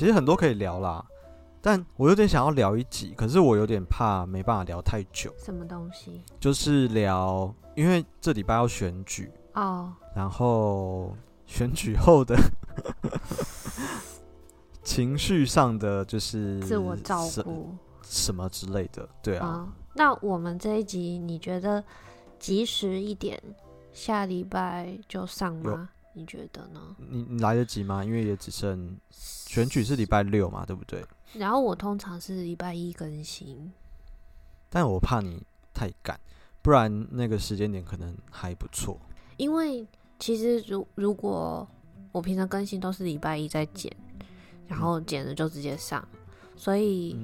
其實很多可以聊啦，但我有點想要聊一集，可是我有點怕沒辦法聊太久。什麼東西？就是聊，因為這禮拜要選舉哦，oh. 然後選舉後的 情緒上的就是自我照顧什麼之類的。對啊，那我們這一集你覺得及時一點，下禮拜就上嗎？你覺得呢？你你來得及嗎？因為也只剩選舉是禮拜六嘛，對不對？然後我通常是禮拜一更新，但我怕你太趕，不然那個時間點可能還不錯。因為其實如如果我平常更新都是禮拜一再剪，然後剪了就直接上，所以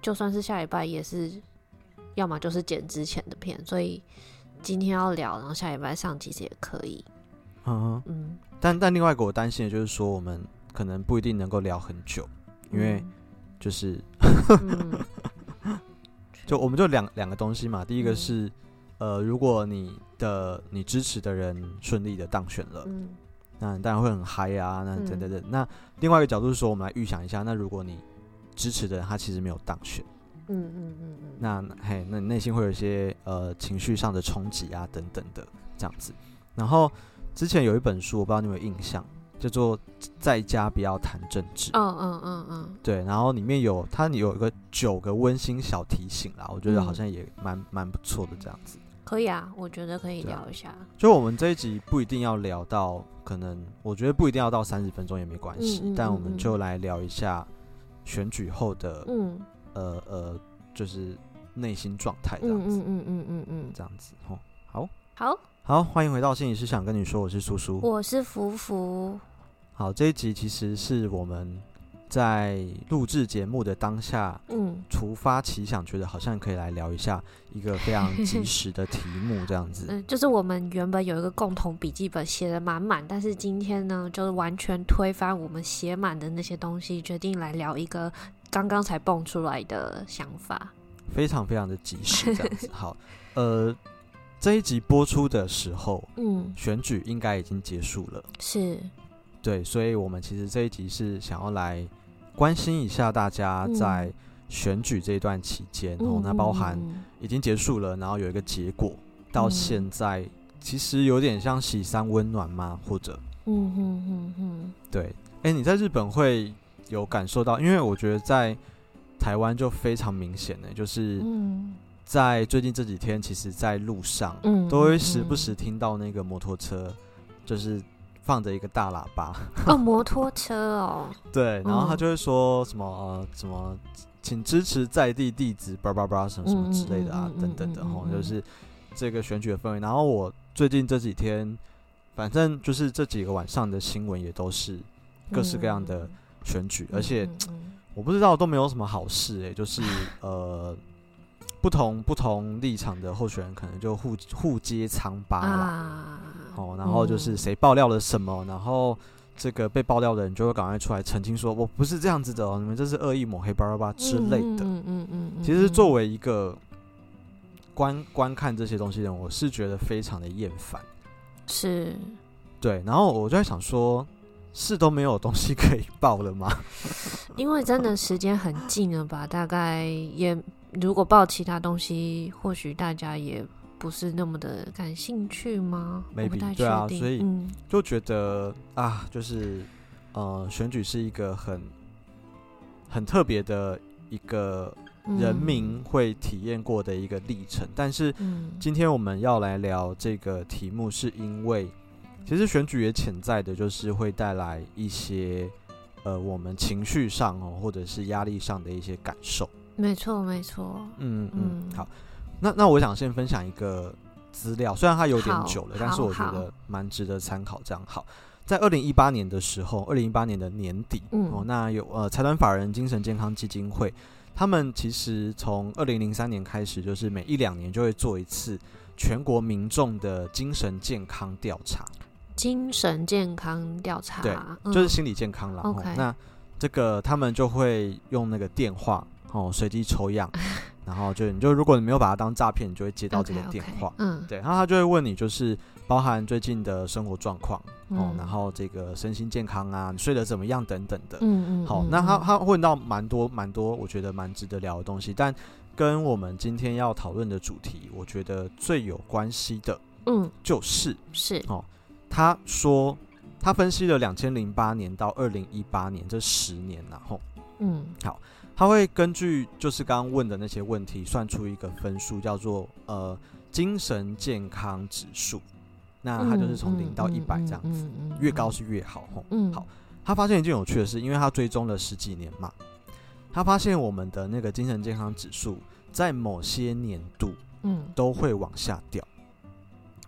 就算是下禮拜也是，要麼就是剪之前的片，所以今天要聊，然後下禮拜上其實也可以。呵呵嗯，但但另外一個我擔心的就是說，我們可能不一定能夠聊很久，因為就是，嗯、 就我們就兩兩個東西嘛。第一個是，嗯、呃，如果你的你支持的人順利的當選了，嗯、那當然會很嗨啊，那等等等等。嗯、那另外一個角度是說，我們來預想一下，那如果你支持的人他其實沒有當選，嗯嗯嗯那嘿，那你內心會有一些呃情緒上的衝擊啊，等等的這樣子，然後。之前有一本書，我不知道你有沒有印象，叫做《在家不要談政治》。嗯嗯嗯嗯。對，然後裡面有它裡有一個九個溫馨小提醒啦，我覺得好像也蠻蠻、嗯、不錯的這樣子。Okay. 對可以啊，我覺得可以聊一下。就我們這一集不一定要聊到，可能我覺得不一定要到三十分鐘也沒關係，嗯嗯嗯、但我們就來聊一下選舉後的嗯呃呃，就是內心狀態這樣子，嗯嗯嗯嗯嗯，嗯嗯嗯嗯嗯這樣子哦，好。好。好，歡迎回到《心理師》。想跟你說，我是蘇蘇，我是福福。好，這一集其實是我們在錄制節目的當下，嗯，突發奇想，覺得好像可以來聊一下一個非常及時的題目，這樣子。嗯， 呃，就是我們原本有一個共同筆記本寫得滿滿，但是今天呢，就是完全推翻我們寫滿的那些東西，決定來聊一個剛剛才蹦出來的想法。非常非常的及時，這樣子。好，呃。這一集播出的時候，嗯，選舉應該已經結束了，是，對，所以我們其實這一集是想要來關心一下大家在選舉這段期間，嗯、然後那包含已經結束了，然後有一個結果，到現在、嗯、其實有點像洗三溫暖嗎？或者，嗯嗯嗯嗯，對，誒、欸，你在日本會有感受到？因為我覺得在台灣就非常明顯的、欸，就是，嗯在最近這幾天，其實在路上，嗯，都會時不時聽到那個摩托車，就是放着一個大喇叭。哦，摩托車哦。對，然後他就會說什麼呃什麼，請支持在地地址，叭叭叭，什麼什麼之類的啊，等等的吼，就是這個選舉的氛圍。然後我最近這幾天，反正就是這幾個晚上的新聞也都是各式各樣的選舉，而且我不知道都沒有什麼好事哎，就是呃。不同不同立場的候選人可能就互互揭瘡疤啦，啊、哦，然後就是誰爆料了什麼，嗯、然後這個被爆料的人就會趕快出來澄清說、嗯、我不是這樣子的哦，你們這是惡意抹黑巴拉巴，巴之類的。嗯嗯嗯，嗯嗯嗯嗯其實作為一個觀觀看這些東西的人，我是覺得非常的厭煩。是，對，然後我就在想說。是都沒有東西可以報了嗎？ 因為真的時間很近了吧？大概也如果報其他東西，或許大家也不是那麼的感興趣嗎？沒太確定，所以就覺得、嗯、啊，就是呃，選舉是一個很很特別的一個人民會體驗過的一個歷程。嗯、但是、嗯、今天我們要來聊這個題目，是因為。其實選舉也潛在的，就是會帶來一些，呃，我們情緒上哦，或者是壓力上的一些感受。沒錯，沒錯。嗯嗯，嗯，好。那那我想先分享一個資料，雖然它有點久了，好但是我覺得蠻值得參考，這樣。好，好，好，在二零一八年的時候，二零一八年的年底，嗯、哦，那有呃財團法人精神健康基金會，他們其實從二零零三年開始，就是每一兩年就會做一次全國民眾的精神健康調查。精神健康調查，對，嗯、就是心理健康啦 Okay.。那這個他們就會用那個電話哦，隨機抽樣， 然後就你就如果你沒有把它當詐騙，你就會接到這個電話。Okay, okay, 嗯，對，然後他就會問你，就是包含最近的生活狀況哦，嗯、然後這個身心健康啊，你睡得怎麼樣等等的。嗯嗯，好，那他他問到蠻多蠻多，多我覺得蠻值得聊的東西，但跟我們今天要討論的主題，我覺得最有關係的、就是，嗯，就是是哦。他說，他分析了二千零八年到二零一八年這十年，然後、啊，嗯，好，他會根據就是剛剛問的那些問題，算出一個分數，叫做呃精神健康指數。那他就是從零到一百這樣子，嗯嗯嗯嗯嗯、越高是越好，嗯，好。他發現一件有趣的事，因為他追蹤了十幾年嘛，他發現我們的那個精神健康指數在某些年度，嗯，都會往下掉。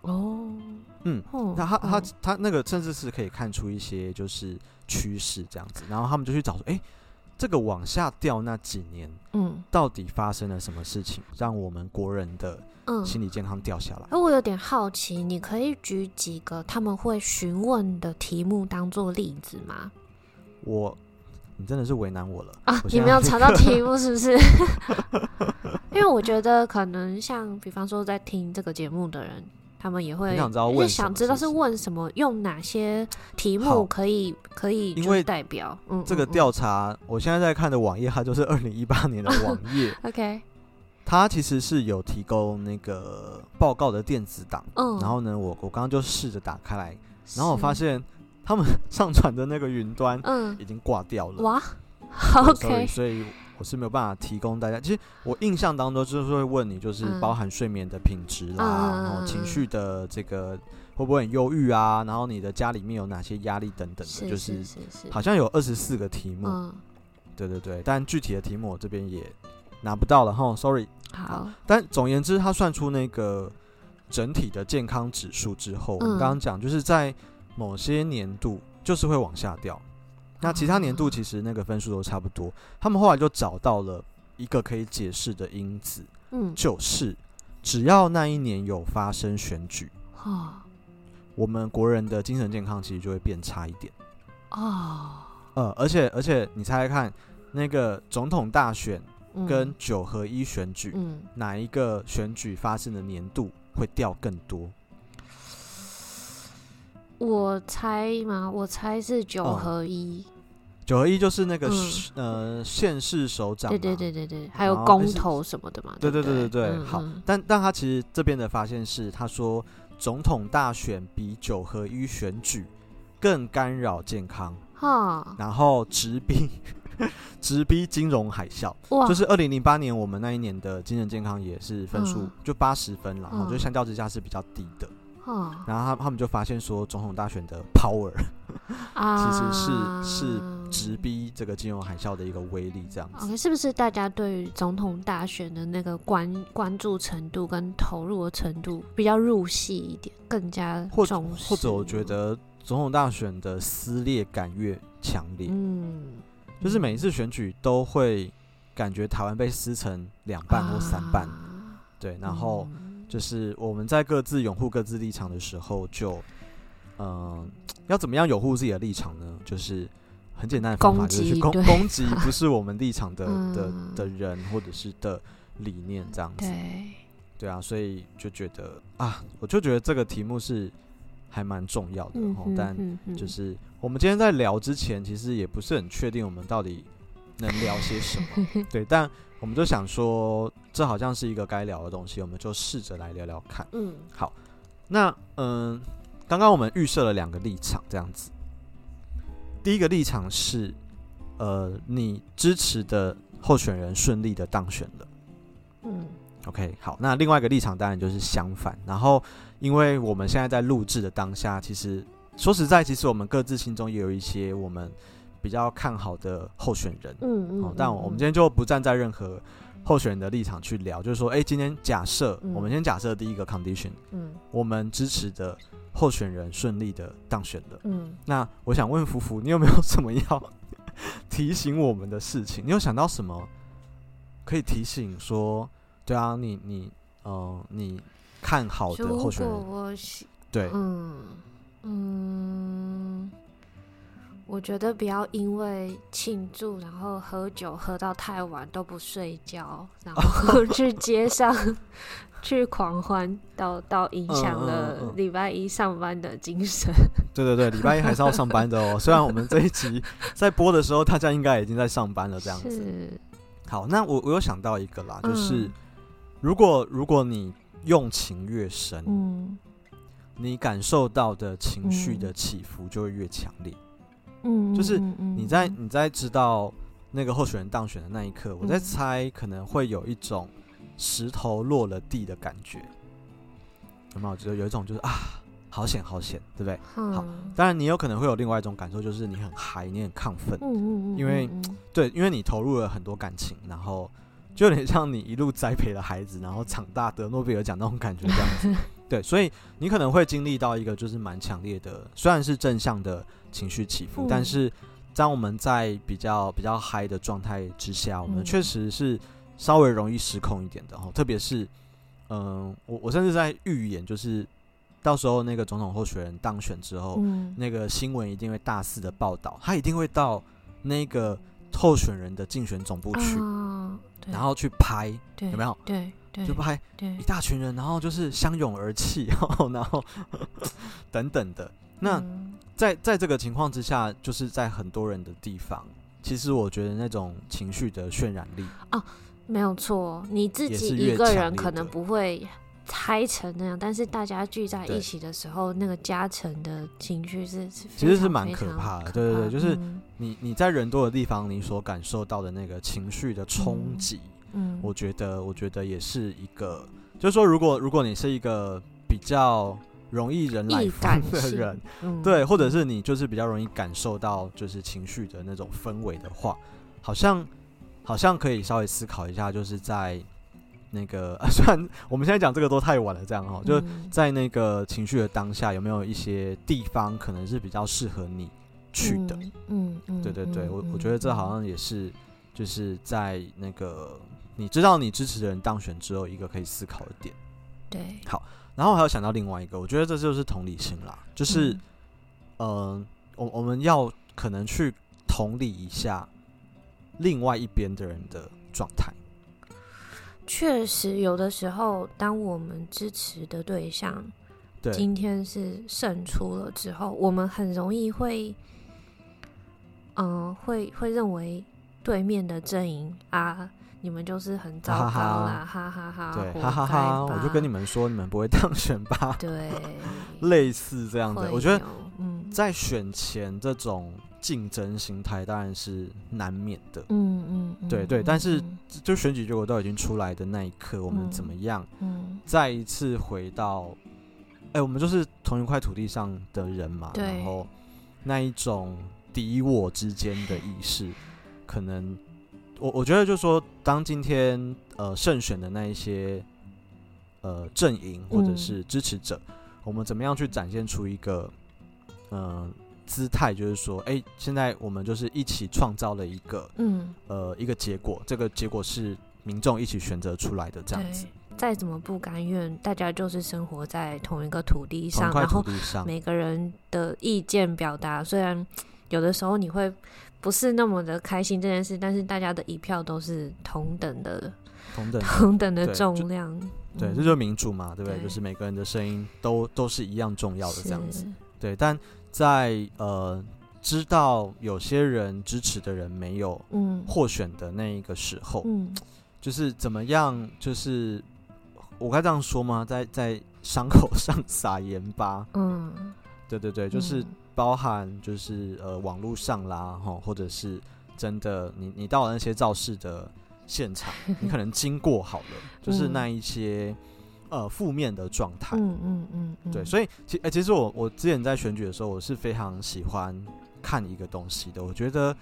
嗯、哦。嗯，嗯那他、嗯、他他那個甚至是可以看出一些就是趨勢這樣子，然後他們就去找說，哎、欸，這個往下掉那幾年，嗯，到底發生了什麼事情，讓我們國人的嗯心理健康掉下來？哎、嗯，而我有點好奇，你可以舉幾個他們會詢問的題目當做例子嗎？我，你真的是為難我了啊！你沒有查到題目是不是？ 因為我覺得可能像，比方說在聽這個節目的人。他們也會想知道問，是想知道是問什麼，用哪些題目可以好可以，可以因為代表這個調查，嗯嗯嗯，我現在在看的網頁，它就是二零一八年的網頁。 OK，它其實是有提供那個報告的電子檔。嗯，然後呢，我我剛剛就試着打開來，然後我發現是他們上傳的那個雲端，嗯，已經掛掉了。哇，OK，所以。所以我是沒有辦法提供大家。其實我印象當中就是會問你，就是包含睡眠的品質啦，然後情緒的這個會不會很憂鬱啊？然後你的家裡面有哪些壓力等等的，就是好像有二十四個題目。對對對，但具體的題目我這邊也拿不到了哈，sorry。好，但總而言之，他算出那個整體的健康指數之後，我們剛剛講就是在某些年度就是會往下掉。那其他年度其實那個分數都差不多，他們後來就找到了一個可以解釋的因子，嗯，就是只要那一年有發生選舉，哦，我們國人的精神健康其實就會變差一點，啊，哦，呃，而且而且你猜猜看，那個總統大選跟九合一選舉，嗯，哪一個選舉發生的年度會掉更多？我猜嘛，我猜是九合一。九合一就是那個呃縣市首長，對對對對對，還有公投什麼的嘛，對對對對對。好，但但他其實這邊的發現是，他說總統大選比九合一選舉更干擾健康，哈，然後直逼直逼金融海嘯，哇，就是二零零八年我們那一年的精神健康也是分數就八十分了，就相較之下是比較低的。哦，然後他他們就發現說，總統大選的 power 啊，其實是是直逼這個金融海嘯的一個威力這樣子。Okay, 是不是大家對於總統大選的那個關關注程度跟投入的程度比較入戲一點，更加重視？或者，或者我覺得總統大選的撕裂感越強烈，嗯，就是每一次選舉都會感覺台灣被撕成兩半或三半，啊、對，然後。嗯就是我們在各自擁護各自立場的時候，就，嗯、呃，要怎麼樣擁護自己的立場呢？就是很簡單的方法，就是去攻擊攻擊對不是我們立場的、嗯、的的人或者是的理念這樣子。對，對啊，所以就覺得啊，我就覺得這個題目是還蠻重要的。嗯、哼但就是我們今天在聊之前，其實也不是很確定我們到底能聊些什麼。 對，但。我們就想說，這好像是一個該聊的東西，我們就試着來聊聊看。嗯，好，那，嗯，呃，剛剛我們預設了兩個立場，這樣子。第一個立場是，呃，你支持的候選人順利的當選了。嗯，OK，好，那另外一個立場當然就是相反。然後，因為我們現在在錄制的當下，其實說實在，其實我們各自心中也有一些我們。比較看好的候選人，嗯、哦、嗯，但我們今天就不站在任何候選人的立場去聊，嗯、就是說，哎、欸，今天假設、嗯、我們先假設第一個 condition，嗯，我們支持的候選人順利的當選了，嗯，那我想問福福，你有沒有什麼要 提醒我們的事情？你有想到什麼可以提醒說？對啊，你你嗯、呃，你看好的候選人，對，嗯嗯。嗯我覺得不要因為慶祝，然後喝酒喝到太晚都不睡覺，然後去街上 去狂歡，到到影響了禮拜一上班的精神。嗯嗯嗯、對對對，禮拜一還是要上班的哦。 雖然我們這一集在播的時候，大家應該已經在上班了，這樣子。是好，那我我有想到一個啦，就是、嗯、如果如果你用情越深，嗯，你感受到的情緒的起伏就會越強烈。嗯嗯，就是你在你在知道那個候選人當選的那一刻，我在猜可能會有一種石頭落了地的感覺，有沒有？我覺得有一種就是啊，好險好險，對不對？好，當然你有可能會有另外一種感受，就是你很嗨，你很亢奮，嗯，因為對，因為你投入了很多感情，然後就有點像你一路栽培了孩子，然後長大得諾貝爾獎那種感覺，這樣子。對，所以你可能會經歷到一個就是蠻強烈的，雖然是正向的。情緒起伏，嗯、但是當我們在比較比較嗨的狀態之下，我們確實是稍微容易失控一點的。特別是，嗯、呃，我我甚至在預言，就是到時候那個總統候選人當選之後，嗯、那個新聞一定會大肆的報道，他一定會到那個候選人的競選總部去，啊、然後去拍，有沒有？對，對對就拍一大群人，然後就是相擁而泣，呵呵然後 等等的那。嗯在在這個情況之下，就是在很多人的地方，其實我覺得那種情緒的渲染力，啊，沒有錯，你自己一個人可能不會嗨成那樣，但是大家聚在一起的時候，對那個加成的情緒是其實是蠻可怕的。對對對，就是你你在人多的地方，你所感受到的那個情緒的衝擊，嗯，嗯，我覺得我覺得也是一個，就是說如果如果你是一個比較。容易人來瘋的人，嗯、對，或者是你就是比較容易感受到就是情緒的那種氛圍的話，好像好像可以稍微思考一下，就是在那個、啊、雖然我們現在講這個都太晚了，這樣哈、喔，嗯、就在那個情緒的當下，有沒有一些地方可能是比較適合你去的？嗯，嗯嗯對對對，我我覺得這好像也是就是在那個你知道你支持的人當選之後一個可以思考的點。對，好。然後我還有想到另外一個，我覺得這就是同理心啦，就是，嗯，呃、我我們要可能去同理一下，另外一邊的人的狀態。確實，有的時候當我們支持的對象對，今天是勝出了之後，我們很容易會，嗯、呃，會會認為對面的陣營啊。你們就是很糟糕啦，哈哈哈！對，哈哈哈，我就跟你們說，你們不會當選吧？對，類似這樣子。我覺得在選前這種競爭心態當然是難免的。嗯嗯，對對，但是就選舉結果都已經出來的那一刻，我們怎麼樣？嗯，再一次回到，哎，我們就是同一塊土地上的人嘛。然後那一種敵我之間的意識，可能。我我覺得就是說，當今天呃勝選的那一些呃陣營或者是支持者，嗯、我們怎麼樣去展現出一個嗯、呃、姿態，就是說，哎、欸，現在我們就是一起創造了一個嗯呃一個結果，這個結果是民眾一起選擇出來的這樣子。再怎麼不甘願，大家就是生活在同一個土地上，地上然後每個人的意見表達，雖然有的時候你會。不是那麼的開心這件事，但是大家的一票都是同等的，同等同等的重量，對，嗯、對，這就是民主嘛，對不對？對，就是每個人的聲音都都是一樣重要的這樣子，是對。但在呃，知道有些人支持的人沒有，嗯，獲選的那一個時候，嗯，就是怎麼樣？就是我該這樣說嗎？在在傷口上撒鹽巴，嗯，對對對，就是。嗯包含就是呃網絡上啦吼，或者是真的你你到了那些造勢的現場， 你可能經過好了，就是那一些、嗯、呃負面的狀態、嗯。嗯嗯嗯，嗯對，所以其誒、欸、其實我我之前在選舉的時候，我是非常喜歡看一個東西的。我覺得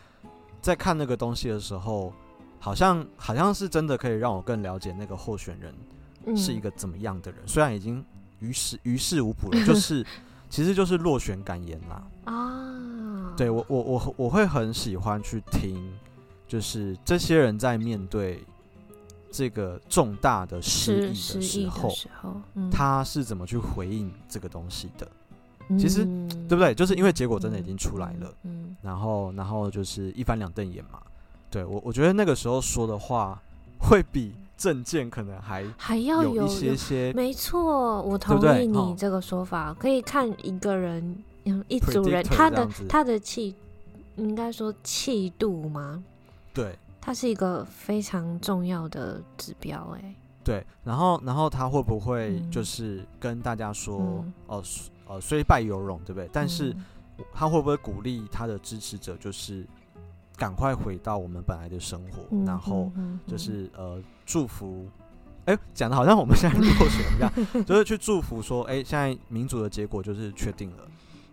在看那個東西的時候，好像好像是真的可以讓我更了解那個候選人是一個怎麼樣的人。嗯、雖然已經於事於事無補了，就是。 其實就是落選感言啦啊。啊，對，我我我我會很喜歡去聽，就是這些人在面對這個重大的失意的時候，他是怎麼去回應這個東西的。其實對不對？就是因為結果真的已經出來了，然後然後就是一翻兩瞪眼嘛對。對我我覺得那個時候說的話會比。政見可能還還要有，有一些些，沒錯，我同意你這個說法。對對哦、可以看一個人，一組人，他的他的氣，應該說氣度嗎？對，他是一個非常重要的指標、欸。哎，對，然後然後他會不會就是、嗯、跟大家說，哦、嗯，呃，雖敗猶榮，對不對？但是，他會不會鼓勵他的支持者，就是趕快回到我們本來的生活，嗯、然後就是、嗯嗯嗯、呃。祝福，哎、欸，講的好像我們現在落選一樣， 就是去祝福說，哎、欸，現在民主的結果就是確定了。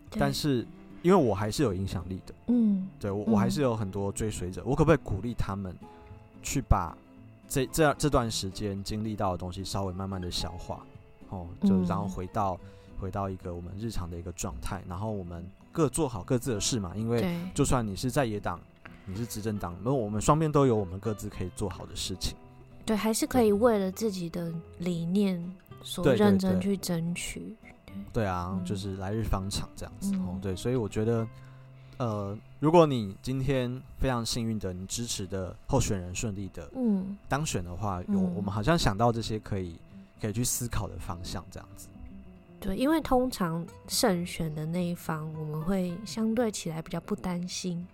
對但是，因為我還是有影響力的，嗯，對我、嗯、我還是有很多追隨者，我可不可以鼓勵他們去把這這這段時間經歷到的東西稍微慢慢的消化，哦，就是、然後回到、嗯、回到一個我們日常的一個狀態，然後我們各做好各自的事嘛。因為就算你是在野黨，你是執政黨，那我們雙邊都有我們各自可以做好的事情。對，還是可以為了自己的理念所認真去爭取。對，對，對，對，對啊，嗯、就是來日方長這樣子。哦、嗯喔，對，所以我覺得，呃，如果你今天非常幸運的，你支持的候選人順利的當選的話，嗯、有我們好像想到這些可以可以去思考的方向這樣子。對，因為通常勝選的那一方，我們會相對起來比較不擔心。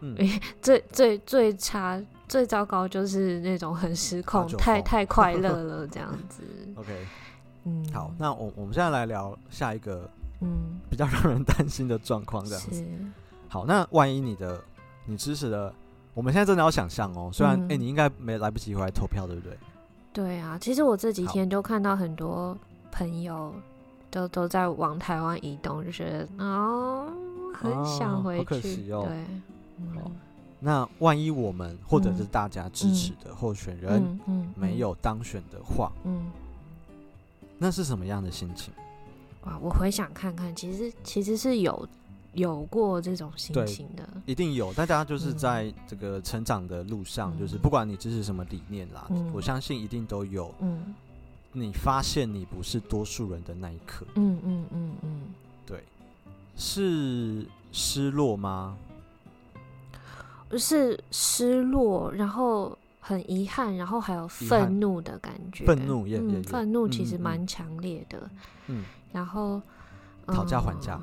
嗯， 最最最差。最糟糕，就是那種很失控，啊、控太太快樂了這樣子。 OK，嗯，好，那我我們現在來聊下一個，嗯，比較讓人擔心的狀況這樣子。是好，那萬一你的你支持的，我們現在真的要想象哦，雖然哎、嗯欸，你應該沒來不及回來投票，對不對？對啊，其實我這幾天就看到很多朋友都好都在往台灣移動，就覺得，哦，很想回去，啊可哦、對，嗯、好。那萬一我們或者是大家支持的候選人沒有當選的話，嗯嗯嗯嗯、那是什麼樣的心情？哇，我回想看看，其實其實是有有過這種心情的，一定有。大家就是在這個成長的路上，嗯、就是不管你支持什麼理念啦，嗯、我相信一定都有。嗯，你發現你不是多數人的那一刻，嗯嗯嗯嗯，嗯嗯嗯嗯對，是失落嗎？就是失落，然後很遺憾，然後還有憤怒的感覺。憤怒也憤怒，其實蠻強烈的。嗯，然後討價還價。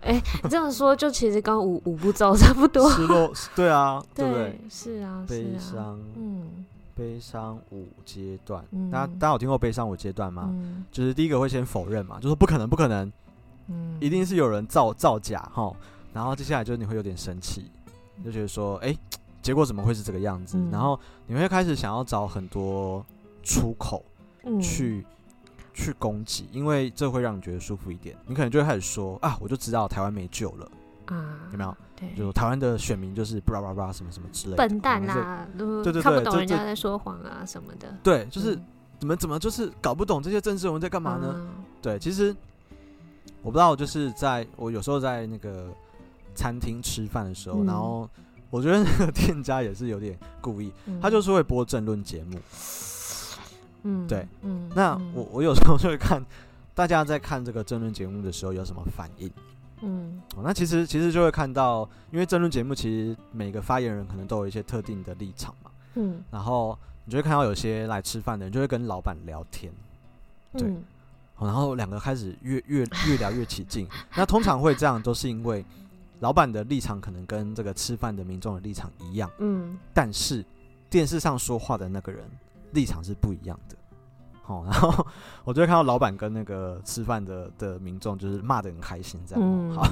哎，這樣說就其實跟五五步驟差不多。失落，對啊，對對。是啊，悲傷，嗯，悲傷五階段。大家大家有聽過悲傷五階段嗎？就是第一個會先否認嘛，就說不可能，不可能，嗯，一定是有人造造假哈。然後接下來就是你會有點生氣。就覺得說，哎、欸，結果怎麼會是這個樣子？嗯、然後你會開始想要找很多出口去、嗯、去攻擊，因為這會讓你覺得舒服一點。你可能就會開始說啊，我就知道台灣沒救了啊，有沒有？對就台灣的選民就是巴拉巴拉什麼什麼之類的，笨蛋啊，是對對對，看不懂人家在說謊啊什麼的。對，就是、嗯、怎麼怎麼就是搞不懂這些政治人物在幹嘛呢？啊、對，其實我不知道，就是在我有時候在那個。餐廳吃飯的時候，嗯、然後我覺得那個店家也是有點故意，嗯、他就是會播政論節目。嗯，對，嗯，那我我有時候就會看大家在看這個政論節目的時候有什麼反應？嗯、喔，那其實其實就會看到，因為政論節目其實每個發言人可能都有一些特定的立場嘛。嗯，然後你就會看到有些來吃飯的人就會跟老板聊天，對，嗯喔、然後兩個開始越越越聊越起勁。 那通常會這樣都是因為。老闆的立場可能跟這個吃飯的民眾的立場一樣，嗯，但是電視上說話的那個人立場是不一樣的，哦，然後我就會看到老闆跟那個吃飯的的民眾就是罵得很開心，這樣，嗯、好，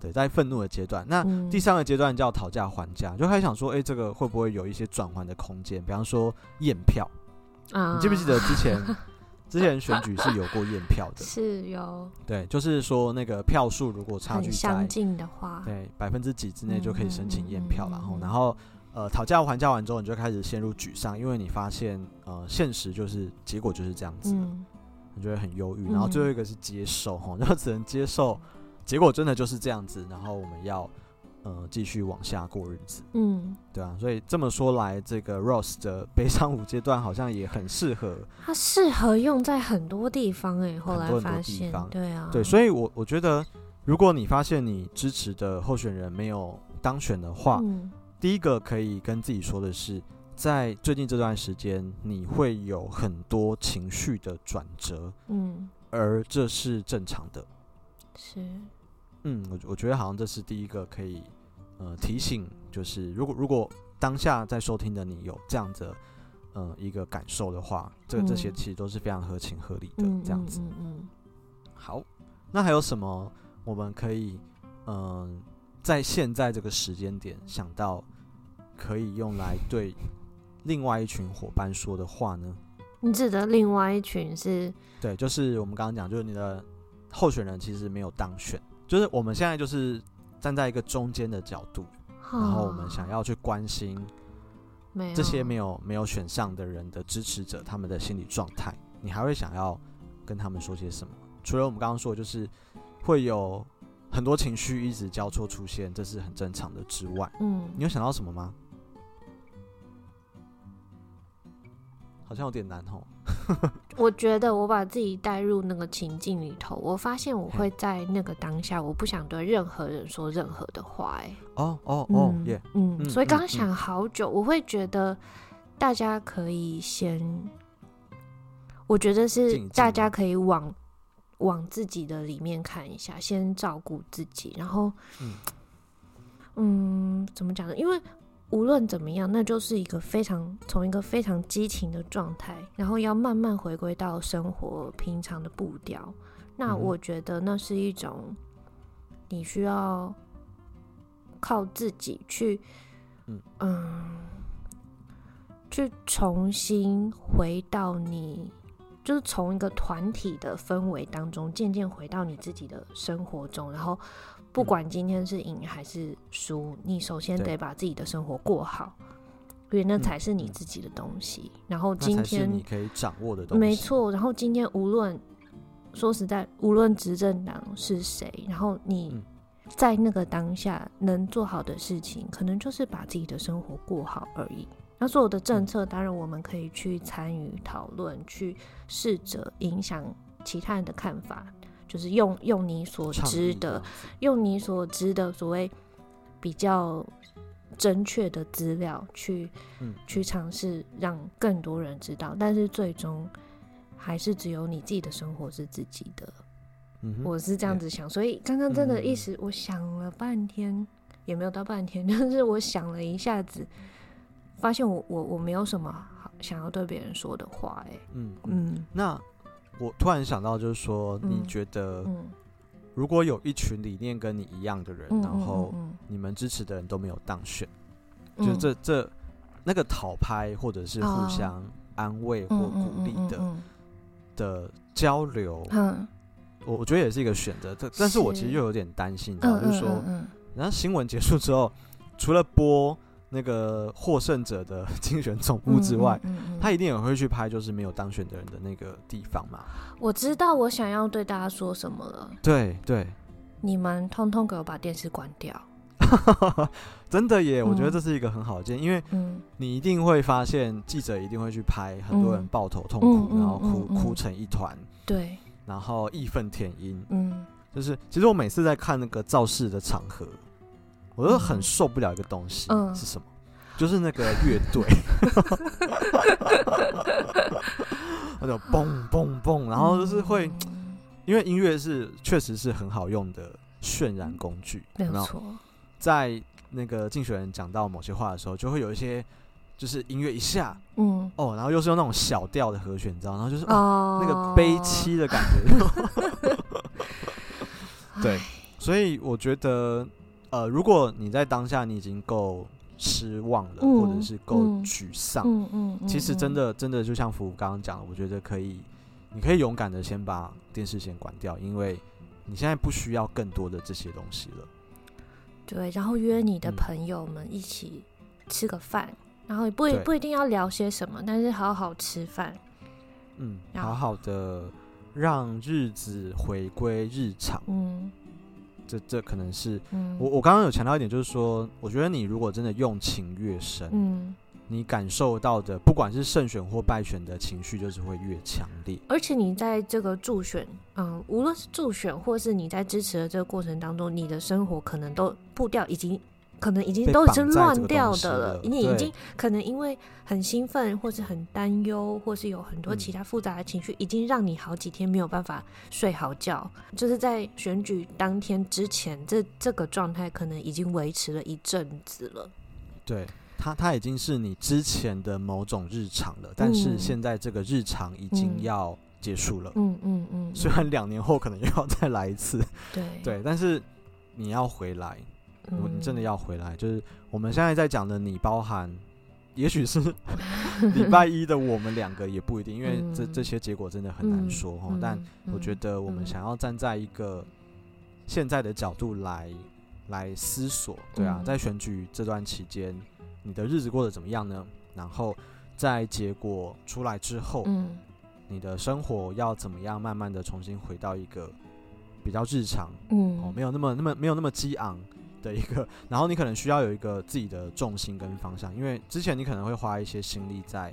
對，在憤怒的階段，那、嗯、第三個階段叫討價還價，就開始想說，誒、欸，這個會不會有一些轉換的空間？比方說驗票，啊、你記不記得之前？之前選舉是有過驗票的，是有對，就是說那個票數如果差距相近的話，對，百分之幾之內就可以申請驗票，然後，然後呃討價還價完之後，你就開始陷入沮喪，因為你發現呃現實就是結果就是這樣子，你就會很憂鬱，然後最後一個是接受哈，然後只能接受結果真的就是這樣子，然後我們要。呃，繼續往下過日子。嗯，對啊，所以這麼說來，這個 Ross 的悲傷五階段好像也很適合。它適合用在很多地方哎、欸，後來發現，對啊，對，所以我，我我覺得，如果你發現你支持的候選人沒有當選的話，嗯、第一個可以跟自己說的是，在最近這段時間，你會有很多情緒的轉折，嗯，而這是正常的。是。嗯，我我覺得好像這是第一個可以。呃，提醒就是，如果如果當下在收聽的你有這樣子，呃、一個感受的話，這個、這些其實都是非常合情合理的，嗯、這樣子。嗯。嗯嗯嗯好，那還有什麼我們可以，嗯、呃，在現在這個時間點想到可以用來對另外一群夥伴說的話呢？你指的另外一群是？對，就是我們剛剛講，就是你的候選人其實沒有當選，就是我們現在就是。站在一個中間的角度，哈然後我們想要去關心這些沒有沒有，沒有選上的人的支持者，他們的心理狀態，你還會想要跟他們說些什麼？除了我們剛剛說，就是會有很多情緒一直交錯出現，這是很正常的之外，嗯，你有想到什麼嗎？好像有點難哦。呵呵，我覺得我把自己帶入那個情境裡頭，我發現我會在那個當下，我不想對任何人說任何的話、欸。哦哦哦，yeah. 嗯，嗯，所以剛想好久，嗯、我會覺得大家可以先，嗯、我覺得是大家可以往往自己的裡面看一下，先照顧自己，然後嗯嗯，怎麼講呢？因為。無論怎麼樣，那就是一個非常從一個非常激情的狀態，然後要慢慢回歸到生活平常的步調。那我覺得那是一種你需要靠自己去，嗯，嗯，去重新回到你，就是從一個團體的氛圍當中，漸漸回到你自己的生活中，然後。不管今天是贏還是輸，嗯、你首先得把自己的生活過好，對因為那才是你自己的東西。嗯、然後今天那才是你可以掌握的東西，沒錯。然後今天無論說實在，無論執政黨是誰，然後你在那個當下能做好的事情，嗯、可能就是把自己的生活過好而已。那所有的政策，嗯、當然我們可以去參與討論，去試着影響其他人的看法。就是用用你所知的，嗯、用你所知的所謂比較正確的資料去、嗯嗯、去嘗試讓更多人知道，但是最終還是只有你自己的生活是自己的。嗯、哼我是這樣子想，嗯、所以剛剛真的一時我想了半天，嗯、也沒有到半天，嗯、但是我想了一下子，發現我我我沒有什麼想要對別人說的話、欸，誒嗯嗯，嗯那。我突然想到，就是說，你覺得，如果有一群理念跟你一樣的人，嗯嗯嗯嗯嗯、然後你們支持的人都沒有當選，嗯、就這這那個討拍或者是互相安慰或鼓勵的的交流，我、嗯、我覺得也是一個選擇。這、嗯，但是我其實又有點擔心，是然後就是說，嗯嗯嗯、然後新聞結束之後，除了播。那個獲勝者的競選總部之外，嗯嗯嗯、他一定也會去拍，就是沒有當選的人的那個地方嘛。我知道我想要對大家說什麼了。對對，對你們通通給我把電視關掉。 真的耶，嗯、我覺得這是一個很好的建議，因為你一定會發現記者一定會去拍，很多人抱頭痛哭，嗯、然後哭、嗯嗯嗯嗯、哭成一團。對，然後義憤填膺。嗯，就是其實我每次在看那個造勢的場合。我都很受不了一個東西，嗯、是什麼？就是那個樂隊， 我就蹦蹦蹦，然後就是會，嗯、因為音樂是確實是很好用的渲染工具，嗯、沒有錯，有沒有。在那個競選人講到某些話的時候，就會有一些，就是音樂一下，嗯、哦，然後又是用那種小調的和弦，你知道，然後就是、嗯、哦那個悲悽的感覺， 對，唉所以我覺得。呃，如果你在當下你已經夠失望了，嗯、或者是夠沮喪，嗯嗯嗯嗯、其實真的真的就像福剛剛講的，我覺得可以，你可以勇敢的先把電視先關掉，因為你現在不需要更多的這些東西了。對，然後約你的朋友們一起吃個飯，嗯、然後也不一對不一定要聊些什麼，但是好好吃飯，嗯，後好好的讓日子回歸日常，嗯。這這可能是，嗯，我我剛剛有強調一點，就是說，我覺得你如果真的用情越深，嗯，你感受到的，不管是勝選或敗選的情緒，就是會越強烈。而且你在這個助選，嗯，無論是助選或是你在支持的這個過程當中，你的生活可能都步調已經。可能已經都已經亂掉的了，你已經可能因為很興奮，或是很擔憂，或是有很多其他複雜的情緒，嗯、已經讓你好幾天沒有辦法睡好覺。就是在選舉當天之前，這這個狀態可能已經維持了一陣子了。對，它它已經是你之前的某種日常了，但是現在這個日常已經要結束了。嗯嗯嗯。嗯嗯嗯嗯，雖然兩年後可能又要再來一次，對對，但是你要回來。我們、嗯、真的要回來，就是我們現在在講的，你包含，也許是禮 拜一的我們兩個也不一定，因為這、嗯、這些結果真的很難說、嗯、但我覺得我們想要站在一個現在的角度來來思索，對啊，嗯、在選舉這段期間，你的日子過得怎麼樣呢？然後在結果出來之後，嗯、你的生活要怎麼樣，慢慢的重新回到一個比較日常，嗯，沒有那麼那麼沒有那麼激昂。的一個，然後你可能需要有一個自己的重心跟方向，因為之前你可能會花一些心力在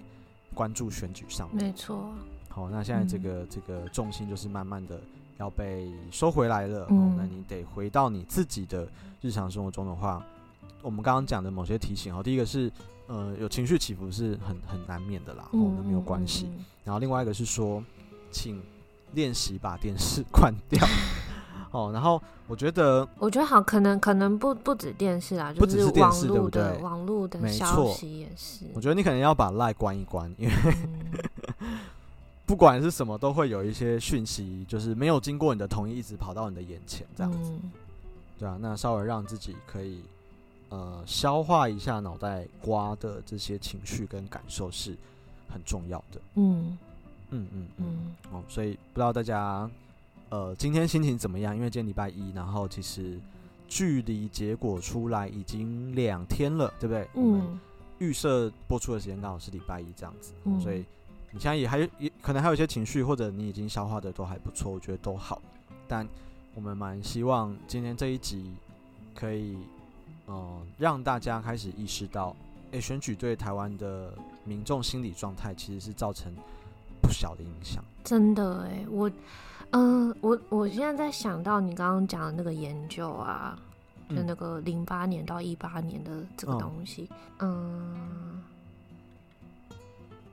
關注選舉上面，沒錯。好、哦，那現在這個、嗯、這個重心就是慢慢的要被收回來了、嗯哦，那你得回到你自己的日常生活中的話，我們剛剛講的某些提醒哦，第一個是呃，有情緒起伏是很很難免的啦，哦，那沒有關係。嗯、然後另外一個是說，請練習把電視關掉。 哦，然後我覺得，我覺得好，可能可能不不止電視啊，就是、不只是電視的，對不對？網絡的消息也是。我覺得你可能要把 Line 關一關，因為、嗯、 不管是什麼，都會有一些訊息，就是沒有經過你的同意，一直跑到你的眼前，這樣子。嗯、對啊，那稍微讓自己可以呃消化一下腦袋瓜的這些情緒跟感受是很重要的。嗯嗯嗯嗯，嗯嗯嗯哦，所以不知道大家。呃，今天心情怎麼樣？因為今天禮拜一，然後其實距離結果出來已經兩天了，對不對？嗯。我們預設播出的時間剛好是禮拜一這樣子，嗯、所以你現在也還也可能還有一些情緒，或者你已經消化的都還不錯，我覺得都好。但我們蠻希望今天這一集可以，嗯、呃，讓大家開始意識到，誒、欸，選舉對台灣的民眾心理狀態其實是造成不小的影響。真的誒、欸，我。嗯，我我現在在想到你剛剛講的那個研究啊，嗯、就那個零八年到一八年的這個東西，哦、嗯，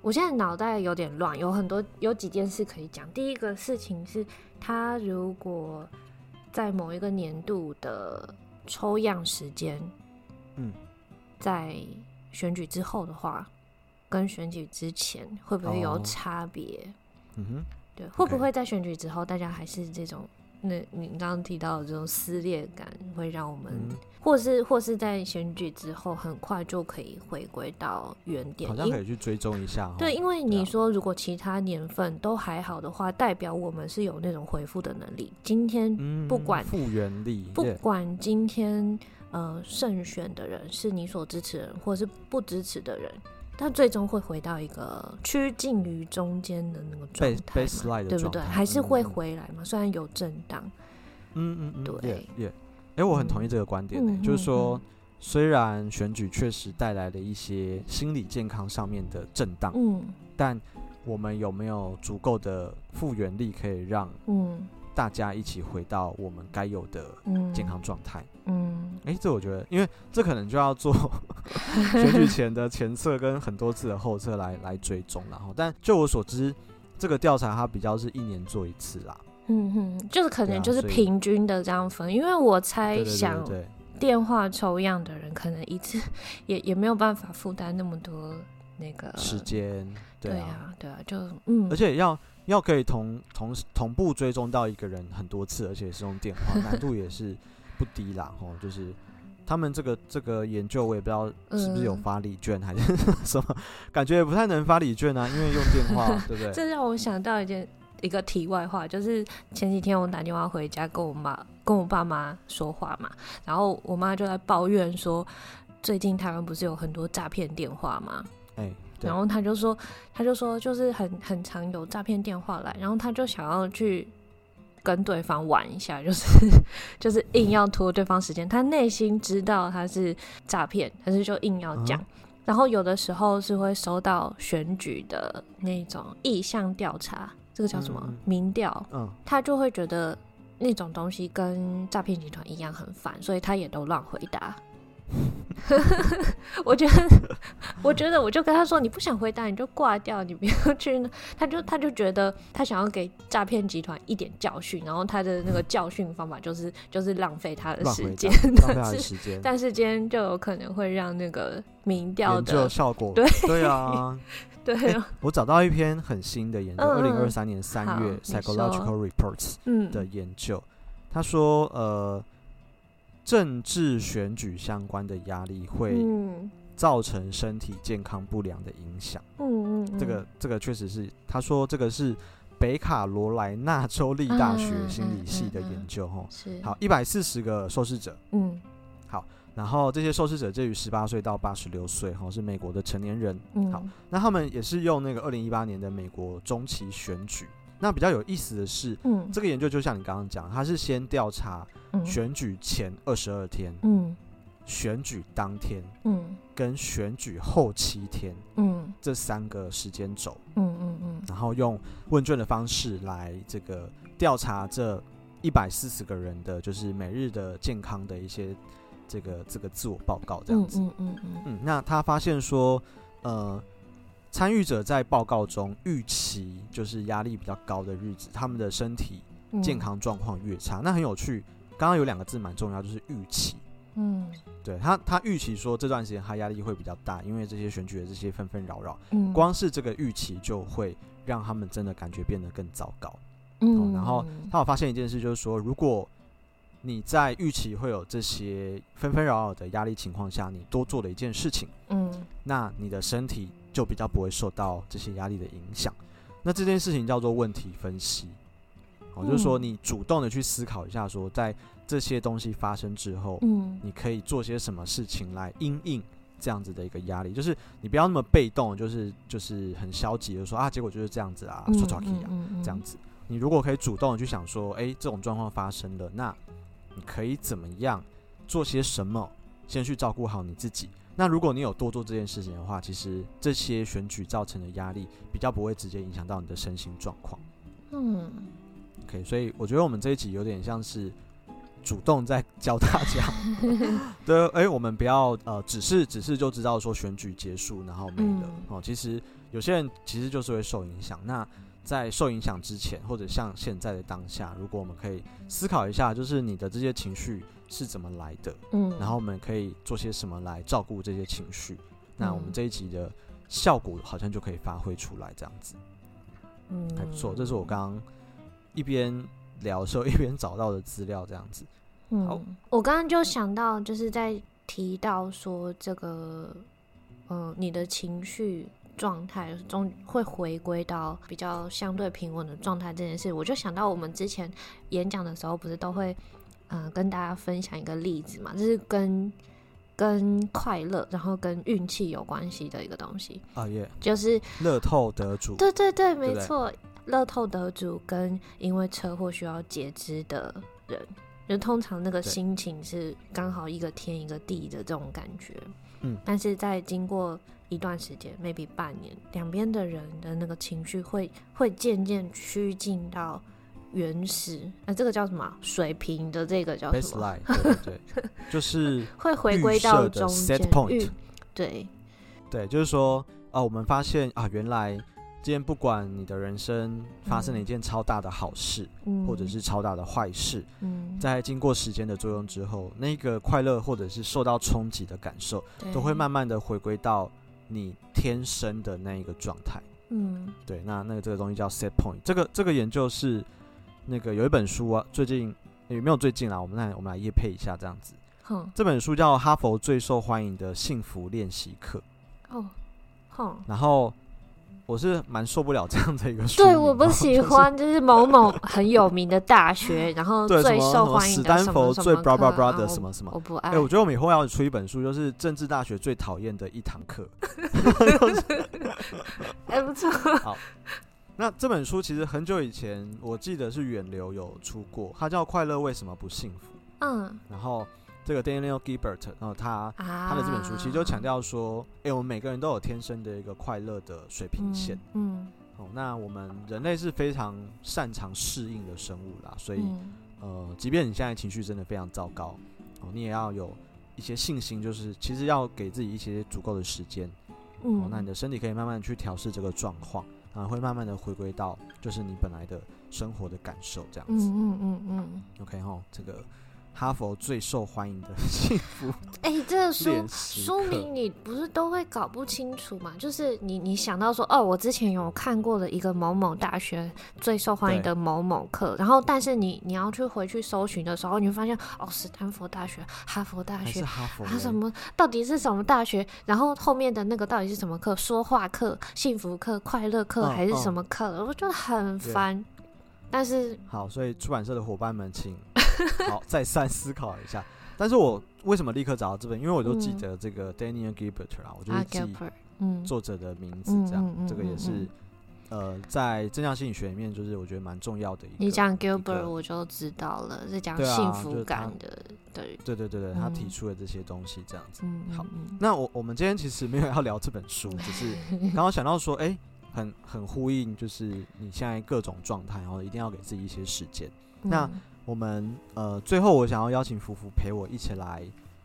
我現在腦袋有點亂，有很多有幾件事可以講。第一個事情是，他如果在某一個年度的抽樣時間，嗯、在選舉之後的話，跟選舉之前會不會有差別？哦。嗯哼。會不會在選舉之後，大家還是這種？Okay. 那你剛剛提到的這種撕裂感，會讓我們，嗯、或是或是在選舉之後很快就可以回歸到原點？好像可以去追蹤一下。因呵對，因為你說如果其他年份都還好的話，啊、代表我們是有那種恢復的能力。今天不管復、嗯、原力，不管今天 Yeah. 呃勝選的人是你所支持的人，或是不支持的人。它最終會回到一個趨近於中間的那個狀態，Base, base slide 對不對？還是會回來嘛？嗯、雖然有震盪，嗯嗯，對，也、嗯，哎、嗯嗯 yeah, yeah. 欸，我很同意這個觀點、呢，嗯、就是說，嗯嗯、雖然選舉確實帶來了一些心理健康上面的震盪，嗯，但我們有沒有足夠的復原力可以讓，嗯。大家一起回到我們該有的健康狀態、嗯。嗯，哎、欸，這我覺得，因為這可能就要做 選舉前的前測跟很多次的後測來來追蹤，然後，但就我所知，這個調查它比較是一年做一次啦。嗯哼，就是可能就是平均的這樣分，啊、因為我猜想對電話抽樣的人可能一次也也沒有辦法負擔那麼多那個時間、啊。對啊，對啊，就嗯，而且要。要可以同同同步追蹤到一個人很多次，而且是用電話，難度也是不低啦。 吼，就是他們這個這個研究，我也不知道是不是有發禮券、嗯、還是什麼，感覺也不太能發禮券啊，因為用電話， 對不對？這讓我想到一件一個題外話，就是前幾天我打電話回家跟，跟我媽跟我爸媽說話嘛，然後我媽就在抱怨說，最近台灣不是有很多詐騙電話嗎？然後他就說，他就說，就是很很常有詐騙電話來，然後他就想要去跟對方玩一下，就是就是硬要拖對方時間。嗯、他內心知道他是詐騙，但是就硬要講。嗯、然後有的時候是會收到選舉的那種意向調查，這個叫什麼民調，他就會覺得那種東西跟詐騙集團一樣很煩，所以他也都亂回答。 我覺得，我覺得，我就跟他說：“你不想回答，你就掛掉，你不要去。”他就他就覺得他想要給詐騙集團一點教訓，然後他的那個教訓方法就是、嗯、就是浪費他的時間，是浪費他的時間。但是今天就有可能會讓那個民調的研究效果對對啊， 對啊、欸。我找到一篇很新的研究，二零二三年三月《好 Psychological 說 Reports》嗯的研究，嗯、他說呃。政治選舉相關的壓力會造成身體健康不良的影響。嗯，嗯嗯，這個，這個這個確實是，他說這個是北卡羅來納州立大學心理系的研究。吼，好，一百四十個受試者。嗯，好，然後這些受試者介於十八歲到八十六歲，吼，是美國的成年人。嗯，好，那他們也是用那個二零一八年的美國中期選舉。那比較有意思的是，嗯、這個研究就像你剛剛講，他是先調查選舉前二十二天，嗯、選舉當天，嗯、跟選舉後七天，嗯、這三個時間軸，嗯嗯嗯嗯、然後用問卷的方式來這個調查這一百四十個人的，就是每日的健康的一些這個這個自我報告這樣子，嗯嗯嗯嗯嗯、那他發現說，呃。參與者在報告中預期就是壓力比較高的日子，他們的身體健康狀況越差。嗯、那很有趣，剛剛有兩個字蠻重要，就是預期。嗯，對，他，他預期說這段時間他壓力會比較大，因為這些選舉的這些紛紛擾擾，嗯、光是這個預期就會讓他們真的感覺變得更糟糕。嗯、哦，然後他有發現一件事，就是說，如果你在預期會有這些紛紛擾擾的壓力情況下，你多做了一件事情，嗯，那你的身體。就比較不會受到這些壓力的影響，那這件事情叫做問題分析，好、哦，就是說你主動的去思考一下說，說在這些東西發生之後，嗯，你可以做些什麼事情來因應這樣子的一個壓力？就是你不要那麼被動，就是就是很消極的、就是、說啊，結果就是這樣子啊，說說可以啊，嗯嗯嗯、這樣子。你如果可以主動的去想說，哎，這種狀況發生了，那你可以怎麼樣做些什麼，先去照顧好你自己。那如果你有多做這件事情的話，其實這些選舉造成的壓力比較不會直接影響到你的身心狀況。嗯，可以。Okay, 所以我覺得我們這一集有點像是主動在教大家， 對，誒、欸，我們不要呃，只是只是就知道說選舉結束然後沒了哦。嗯、其實有些人其實就是會受影響。那在受影響之前，或者像現在的當下，如果我們可以思考一下，就是你的這些情緒。是怎麼來的？嗯，然後我們可以做些什麼來照顧這些情緒？嗯、那我們這一集的效果好像就可以發揮出來，這樣子，嗯，還不錯。這是我剛剛一邊聊的時候一邊找到的資料，這樣子。嗯，好，我剛剛就想到，就是在提到說這個，嗯、呃，你的情緒狀態終會回歸到比較相對平穩的狀態這件事，我就想到我們之前演講的時候不是都會。嗯、呃，跟大家分享一個例子嘛，就是跟跟快樂，然後跟運氣有關係的一個東西啊，耶，oh、yeah, 就是樂透得主，呃、對對對，對對沒錯，樂透得主跟因為車禍需要截肢的人，就通常那個心情是剛好一個天一個地的這種感覺，對但是在經過一段時間、嗯、maybe 半年，兩邊的人的那個情緒會會漸漸趨近到。原始啊，這個叫什麼？水平的這個叫什麼？就是會回歸到 set point 對對，就是說啊，我們發現啊，原來今天不管你的人生發生了一件超大的好事，嗯、或者是超大的壞事，嗯，在經過時間的作用之後，嗯、那個快樂或者是受到衝擊的感受，對都會慢慢的回歸到你天生的那一個狀態。嗯，對，那那個這個東西叫 set point。這個這個研究是。那個有一本書啊，最近有、欸、沒有最近啊？我們來我們來業配一下這樣子。嗯、這本書叫《哈佛最受歡迎的幸福練習課》。哦，哼、嗯。然後我是蠻受不了這樣的一個書，對，就是、我不喜歡就是某某很有名的大學， 然後最受歡迎史丹佛最 bra bra bra 的什麼什麼、啊我，我不愛、欸。我覺得我們以後要出一本書，就是政治大學最討厭的一堂課。哎，不錯。那這本書其實很久以前，我記得是遠流有出過，它叫《快樂為什麼不幸福》。嗯，然後這個 Daniel Gilbert 然、呃、後他、啊、他的這本書其實就強調說，哎、欸，我們每個人都有天生的一個快樂的水平線。嗯。嗯哦，那我們人類是非常擅長適應的生物啦，所以、嗯、呃，即便你現在情緒真的非常糟糕，哦，你也要有一些信心，就是其實要給自己一些足夠的時間。嗯。哦，那你的身體可以慢慢去調適這個狀況。啊，會慢慢的回歸到就是你本來的生活的感受這樣子。嗯嗯嗯嗯。嗯嗯嗯 OK 齁，這個。哈佛最受歡迎的幸福，哎、欸，這個書書名你不是都會搞不清楚嘛？就是你你想到說，哦，我之前有看過的一個某某大學最受歡迎的某某課，對然後但是你你要去回去搜尋的時候，你就發現，哦，斯坦福大學、哈佛大學，是哈佛、欸啊，什麼到底是什麼大學？然後後面的那個到底是什麼課？說話課、幸福課、快樂課還是什麼課？哦、我就很煩。但是好，所以出版社的夥伴們，請好 再三思考一下。但是我為什麼立刻找到這本？因為我就記得這個 Daniel Gilbert 啊，嗯、我就記得作者的名字這樣。啊、嗯、這個也是呃，在正向心理學裡面，就是我覺得蠻重要的一個。你講 Gilbert，個我就知道了是講幸福感的。對、啊、對對對對，他提出的這些東西這樣子。好，那我我們今天其實沒有要聊這本書，只是剛剛想到說，哎、欸。很很呼應，就是你現在各種狀態、哦，然後一定要給自己一些時間。嗯、那我們呃，最後我想要邀請福福陪我一起來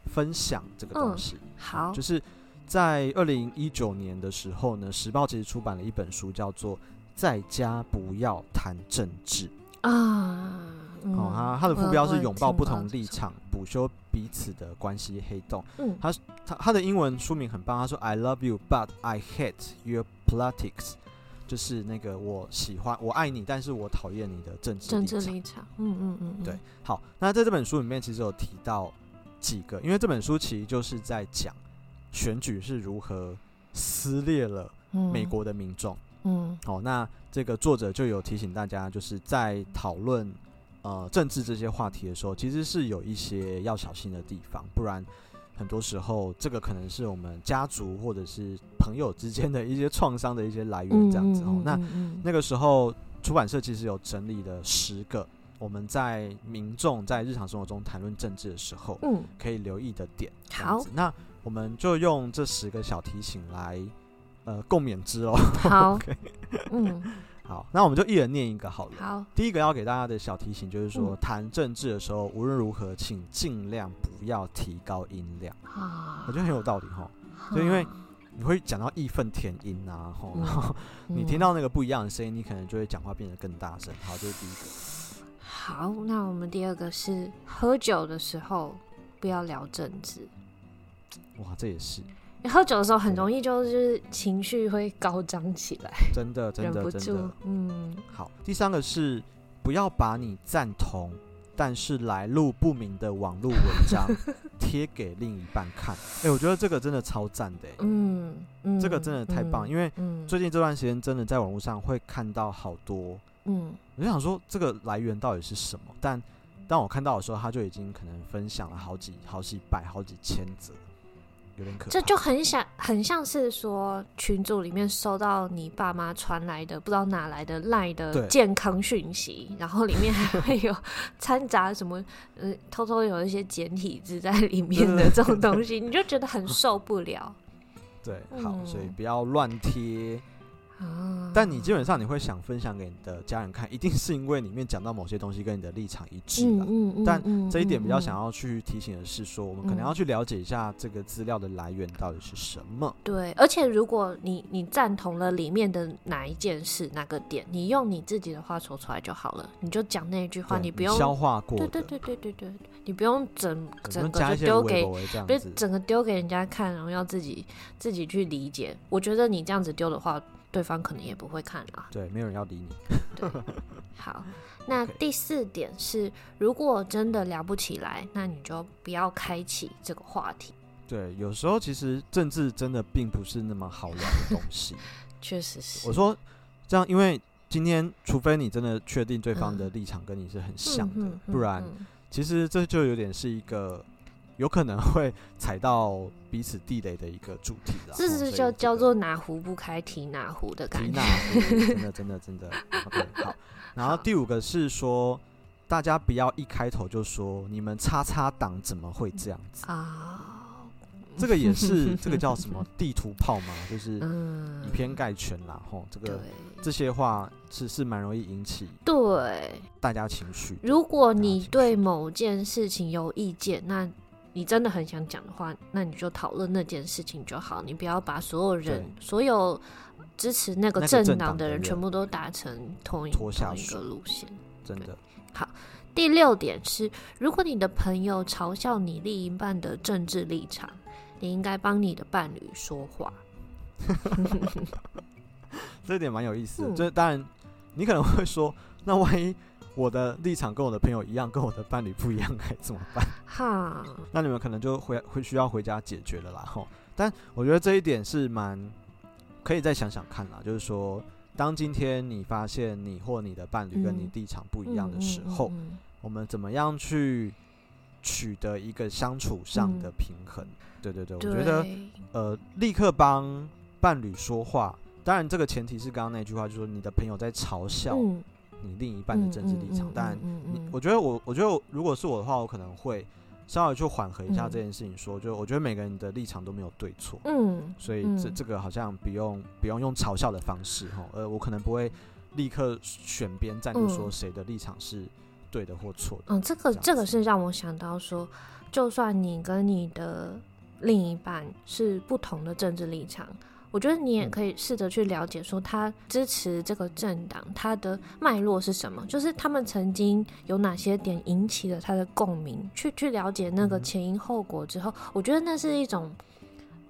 分享這個東西。嗯、好，就是在二零一九年的時候呢，《時報》其實出版了一本書，叫做《在家不要談政治》啊。嗯、哦，他他的副標是擁抱不同立場，補修彼此的關係黑洞。嗯，他他他的英文書名很棒，他說 “I love you, but I hate your politics”，就是那個我喜歡我愛你，但是我討厭你的政治立場。嗯嗯嗯，嗯嗯對。好，那在這本書裡面其實有提到幾個，因為這本書其實就是在講選舉是如何撕裂了美國的民眾、嗯。嗯，好、哦，那這個作者就有提醒大家，就是在討論。呃，政治這些話題的時候，其實是有一些要小心的地方，不然很多時候這個可能是我們家族或者是朋友之間的一些創傷的一些來源，這樣子、哦。嗯嗯嗯、那、嗯、那個時候出版社其實有整理了十個我們在民眾在日常生活中談論政治的時候，嗯，可以留意的點、嗯。好，那我們就用這十個小提醒來呃共勉之哦。好， 嗯。好，那我們就一人念一個好了。好，第一個要給大家的小提醒就是說，談、嗯、政治的時候，無論如何，請盡量不要提高音量。啊、我覺得很有道理哈。就、啊、因為你會講到義憤填膺啊，吼嗯、然後你聽到那個不一樣的聲音，你可能就會講話變得更大聲。好，這、就是第一個。好，那我們第二個是喝酒的時候不要聊政治。哇，這也是。喝酒的時候很容易就是情緒會高漲起來，真的，真的，真的，嗯，好。第三個是不要把你贊同但是來路不明的網絡文章貼 給另一半看。哎、欸，我覺得這個真的超讚的、欸嗯，嗯，這個真的太棒，嗯、因為最近這段時間真的在網絡上會看到好多，嗯，我就想說這個來源到底是什麼，但當我看到的時候，他就已經可能分享了好幾好幾百、好幾千字這就很像，很像是說，群組裡面收到你爸媽傳來的不知道哪來的賴的健康訊息，對然後裡面還會有摻雜什麼、 呃，偷偷有一些簡體字在裡面的這種東西，對對對，你就覺得很受不了。對，好，所以不要亂貼。嗯啊！但你基本上你會想分享給你的家人看，一定是因為裡面講到某些東西跟你的立場一致了。嗯嗯嗯，但這一點比較想要去提醒的是說，說我們可能要去了解一下這個資料的來源到底是什麼。對，而且如果你你贊同了裡面的哪一件事、哪個點，你用你自己的話說出來就好了，你就講那一句話，對，你不用你消化過。對、對對對對對對，你不用整整個丟給，別整個丟給人家看，然後要自己自己去理解。我覺得你這樣子丟的話。對方可能也不會看了，啊，對，沒有人要理你。 對，好，那第四點是，如果真的聊不起來，那你就不要開啟這個話題。對，有時候其實政治真的並不是那麼好聊的東西，確 實是。我說這樣，因為今天除非你真的確定對方的立場跟你是很像的，嗯嗯、不然、嗯、哼其實這就有點是一個。有可能會踩到彼此地雷的一個主題啦，這是、哦，這個、叫叫做哪壺不開提哪壺的感覺，真的真的真的。okay，好，然後第五個是說，好大家不要一開頭就說你們叉叉黨怎麼會這樣子啊？這個也是這個叫什麼地圖炮嘛， 就是以偏概全啦。吼、哦，這個對這些話只是蠻容易引起對大家情緒。對情緒，如果你對某件事情有意見，那你真的很想講的話，那你就討論那件事情就好，你不要把所有人、對所有支持那個政黨的人全部都打成同一下同一個路線。真的好。第六點是，如果你的朋友嘲笑你另一半的政治立場，你應該幫你的伴侶說話。 這點蠻有意思的，嗯、就是當然你可能會說，那萬一。我的立場跟我的朋友一樣，跟我的伴侶不一樣，該怎麼辦？哈，那你們可能就會會需要回家解決了啦，吼。但我覺得這一點是蠻可以再想想看啦，就是說，當今天你發現你或你的伴侶跟你立場不一樣的時候，嗯嗯嗯嗯嗯、我們怎麼樣去取得一個相處上的平衡？嗯、對對對，我覺得對呃，立刻幫伴侶說話，當然這個前提是剛剛那句話，就是說你的朋友在嘲笑。嗯你另一半的政治立場，但我覺得我，我覺得如果是我的話，我可能會稍微去緩和一下這件事情說，說、嗯、就我覺得每個人的立場都沒有對錯，嗯，所以這、嗯、這個好像不用不用用嘲笑的方式哈，呃，我可能不會立刻選邊站，就說誰的立場是對的或錯的。嗯這、啊，這個這個是讓我想到說，就算你跟你的另一半是不同的政治立場。我覺得你也可以試着去了解，說他支持這個政黨，他的脈絡是什麼？就是他們曾經有哪些點引起了他的共鳴，去去了解那個前因後果之後，我覺得那是一種。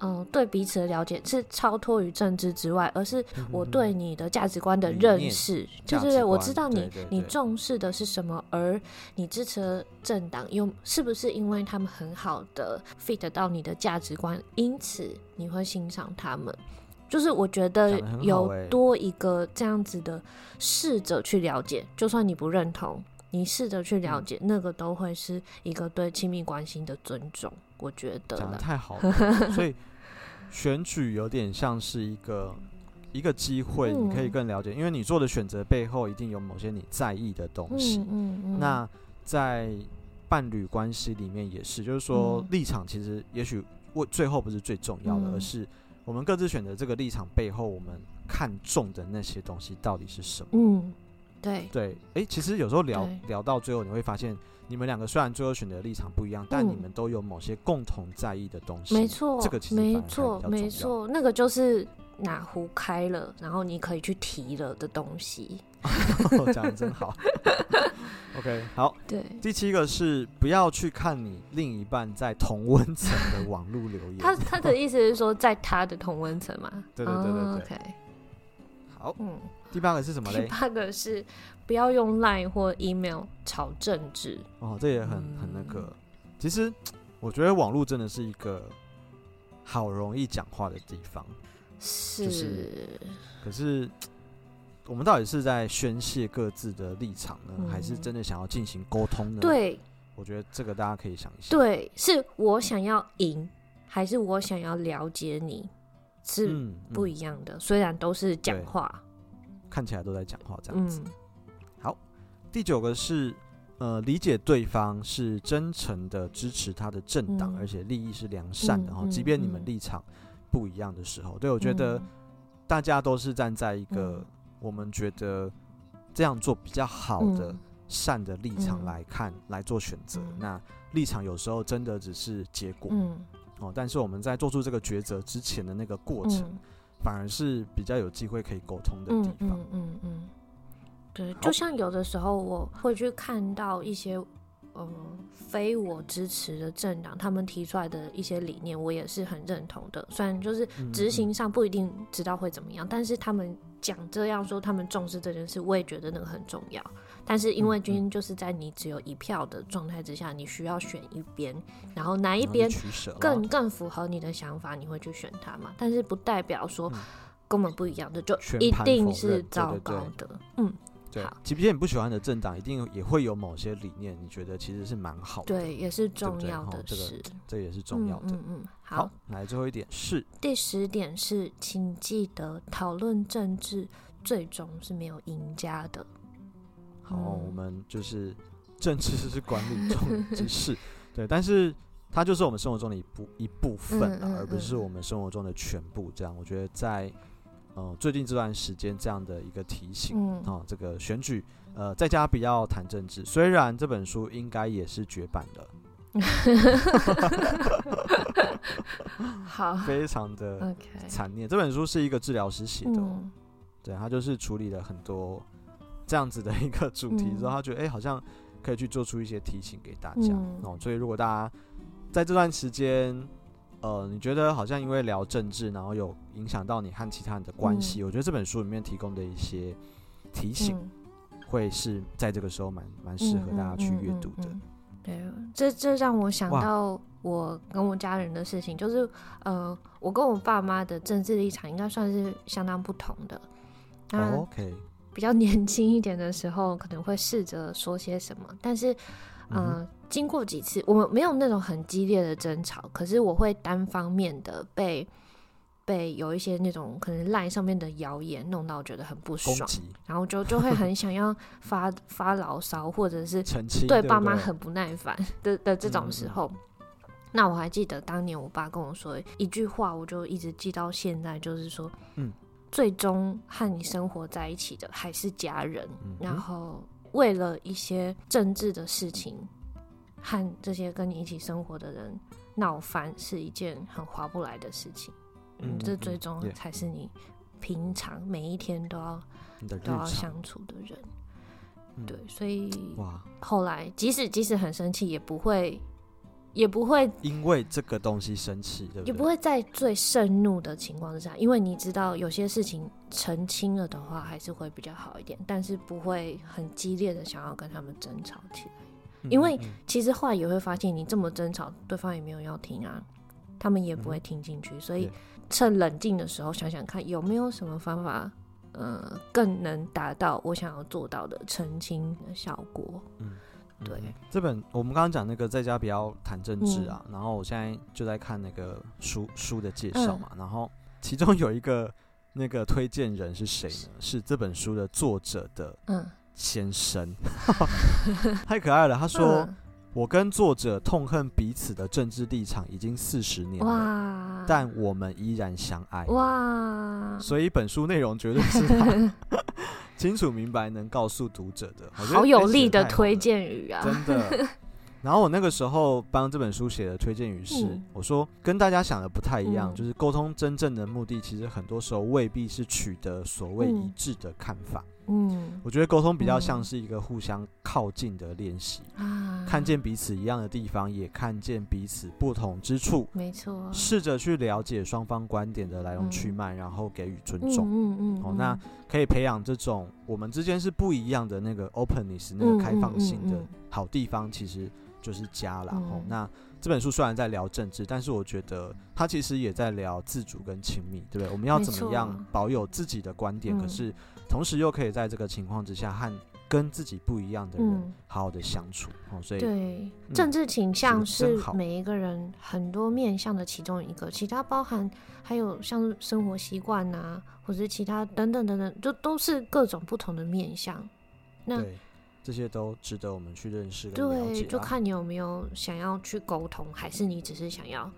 嗯、哦，對彼此的了解是超脫於政治之外，而是我對你的價值觀的認識。嗯、就是我知道你對對對對你重視的是什麼，而你支持的政黨又是不是因為他們很好的 fit 到你的價值觀，因此你會欣賞他們。嗯、就是我覺得有多一個這樣子的試着去了解，欸、就算你不認同，你試着去了解，嗯、那個都會是一個對親密關係的尊重。我覺得真的太好了，了 所以選舉有點像是一個一個機會，你可以更了解，嗯、因為你做的選擇背後一定有某些你在意的東西。嗯嗯。嗯嗯，那在伴侶關係裡面也是，就是說立場其實也許為最後不是最重要的，嗯、而是我們各自選擇這個立場背後我們看重的那些東西到底是什麼？嗯，對對。誒、欸，其實有時候聊對聊到最後，你會發現。你們兩個雖然最後選擇的立場不一樣，嗯、但你們都有某些共同在意的東西。沒錯錯，這個其實沒錯，沒錯，那個就是哪壺開了，然後你可以去提了的東西。講的 真好。 OK，好。對。第七個是不要去看你另一半在同溫層的網絡留言 他。他他的意思是說，在他的同溫層嘛？ 對對對對對。Oh, OK。好，哦、嗯，第八個是什麼呢？第八個是不要用 line 或 email 吵政治。哦，這也很、嗯、很那個。其實我覺得網絡真的是一個好容易講話的地方。是，就是。可是我們到底是在宣洩各自的立場呢，嗯、還是真的想要進行溝通呢？對，我覺得這個大家可以想一想。對，是我想要贏，還是我想要了解你？是不一樣的，嗯嗯、雖然都是講話，看起來都在講話這樣子。嗯、好，第九個是呃，理解對方是真誠的支持他的政黨，嗯、而且利益是良善的哈。嗯嗯嗯、即便你們立場不一樣的時候，嗯嗯、對，我覺得大家都是站在一個我們覺得這樣做比較好的善的立場來看、嗯嗯、來做選擇。嗯嗯、那立場有時候真的只是結果。嗯嗯但是我們在做出這個抉擇之前的那個過程，嗯、反而是比較有機會可以溝通的地方。嗯嗯嗯對，嗯就是、好就像有的時候我會去看到一些嗯、呃、非我支持的政黨，他們提出來的一些理念，我也是很認同的。雖然就是執行上不一定知道會怎麼樣，嗯嗯、但是他們講這樣說，說他們重視這件事，我也覺得那個很重要。但是因為今天就是在你只有一票的狀態之下，你需要選一邊，然後哪一邊更更符合你的想法，你會去選他嘛？但是不代表說根本不一樣的，就一定是糟糕的。嗯，對。即便你不喜歡的政黨，一定也會有某些理念，你覺得其實是蠻好的。對，也是重要的事。這也是重要的。嗯嗯。好，來最後一點是第十點是，請記得討論政治，最終是沒有贏家的。好，我們就是政治就是管理眾人之事， 對，但是它就是我們生活中的一部一部分了，嗯嗯、而不是我們生活中的全部。這樣，嗯嗯、我覺得在、呃、最近這段時間這樣的一個提醒、嗯、啊，這個選舉，呃，在家不要談政治。雖然這本書應該也是絕版的，好，非常的殘念。Okay 這本書是一個治療師寫的、哦，嗯、對，他就是處理了很多。這樣子的一個主題之後，嗯、他覺得哎、欸，好像可以去做出一些提醒給大家，嗯、哦。所以如果大家在這段時間，呃，你覺得好像因為聊政治，然後有影響到你和其他人的關係，嗯、我覺得這本書裡面提供的一些提醒，嗯、會是在這個時候蠻蠻適合大家去閱讀的。嗯嗯嗯嗯、對，這這讓我想到我跟我家人的事情，哇就是呃，我跟我爸媽的政治立場應該算是相當不同的。啊哦、OK。比較年輕一點的時候，可能會試着說些什麼，但是，呃、嗯哼，經過幾次，我沒有那種很激烈的爭吵，可是我會單方面的被被有一些那種可能賴上面的謠言弄到，我覺得很不爽，擊然後就就會很想要發 發牢騷，或者是對爸媽很不耐煩的對對的，的這種時候，嗯嗯，那我還記得當年我爸跟我說一句話，我就一直記到現在，就是說，嗯。最終和你生活在一起的還是家人，嗯、哼然後為了一些政治的事情和這些跟你一起生活的人鬧翻是一件很划不來的事情。嗯嗯、這最終才是你平常每一天都要、嗯、都要相處的人。嗯、對，所以後來即使即使很生氣，也不會。也不會因為這個東西生氣，對不對？也不會在最盛怒的情況之下，因為你知道有些事情澄清了的話，還是會比較好一點，但是不會很激烈的想要跟他們爭吵起來，嗯、因為其實話也會發現，你這麼爭吵，對方也沒有要聽啊，他們也不會聽進去，嗯、所以趁冷靜的時候想想看，有沒有什麼方法，呃，更能達到我想要做到的澄清的效果。嗯。嗯、對，這本我們剛剛講那個在家不要談政治啊，嗯、然後我現在就在看那個書書的介紹嘛，嗯、然後其中有一個那個推薦人是誰呢？是這本書的作者的先生，嗯、 太可愛了。他說、嗯、我跟作者痛恨彼此的政治立場已經四十年了，哇但我們依然相愛。哇，所以本書內容絕對是他。 清楚明白，能告訴讀者的，好有力的推薦語啊！真的。然後我那個時候幫這本書寫的推薦語是，嗯、我說跟大家想的不太一樣，嗯、就是溝通真正的目的，其實很多時候未必是取得所謂一致的看法。嗯嗯，我覺得溝通比較像是一個互相靠近的練習啊，看見彼此一樣的地方，也看見彼此不同之處，沒錯，試着去了解雙方觀點的來龍去脈，然後給予尊重，嗯嗯，好，那可以培養這種我們之間是不一樣的那個 openness，那個開放性的好地方，其實就是家了。哦，那這本書雖然在聊政治，但是我覺得它其實也在聊自主跟親密，對不對？我們要怎麼樣保有自己的觀點？可是。同時又可以在這個情況之下，和跟自己不一樣的人好好的相處，嗯、哦，所以對、嗯、政治傾向是每一個人很多面向的其中一個，其他包含還有像生活習慣啊，或者是其他等等等等，就都是各種不同的面向。那對這些都值得我們去認識啊。對，就看你有沒有想要去溝通，還是你只是想要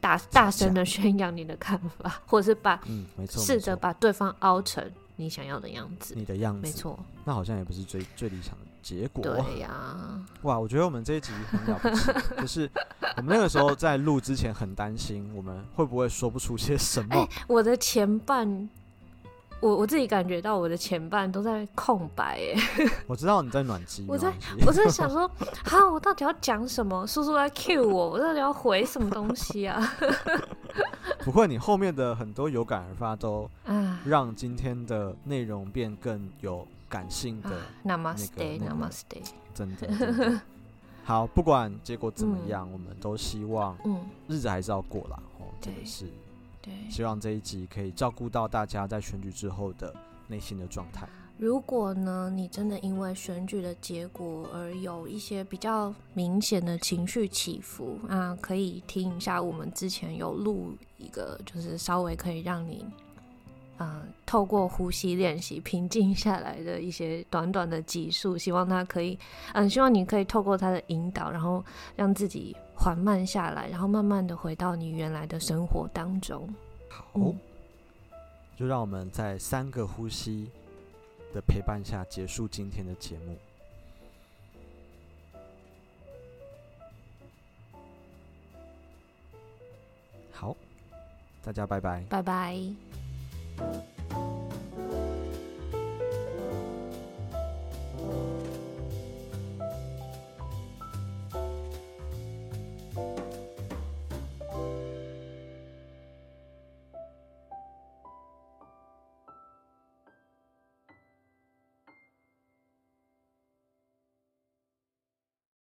大大聲的宣揚你的看法，或者是把嗯，沒錯，試着把對方凹成。你想要的樣子，你的樣子，沒錯，那好像也不是最最理想的結果。對呀、啊，哇，我覺得我們這一集很了不起， 可是我們那個時候在錄之前很擔心，我們會不會說不出些什麼？欸、我的前半，我我自己感覺到我的前半都在空白耶。哎 我知道你在暖機，我在，我在想說， 哈，我到底要講什麼？叔叔來 cue 我，我到底要回什麼東西啊？ 不過你後面的很多有感而發都讓今天的內容變更有感性的，Namaste，Namaste，真的真的。好，不管結果怎麼樣，我們都希望，日子還是要過啦，哦，真的是，對，希望這一集可以照顧到大家在選舉之後的內心的狀態。如果呢，你真的因為選舉的結果而有一些比較明顯的情緒起伏，啊，可以聽一下我們之前有錄一個，就是稍微可以讓你，呃、透過呼吸練習平靜下來的一些短短的技術，希望他可以，嗯、呃，希望你可以透過他的引導，然後讓自己緩慢下來，然後慢慢的回到你原來的生活當中。好、嗯，oh. 就讓我們再三個呼吸。的陪伴下結束今天的節目，好，大家拜拜，拜拜。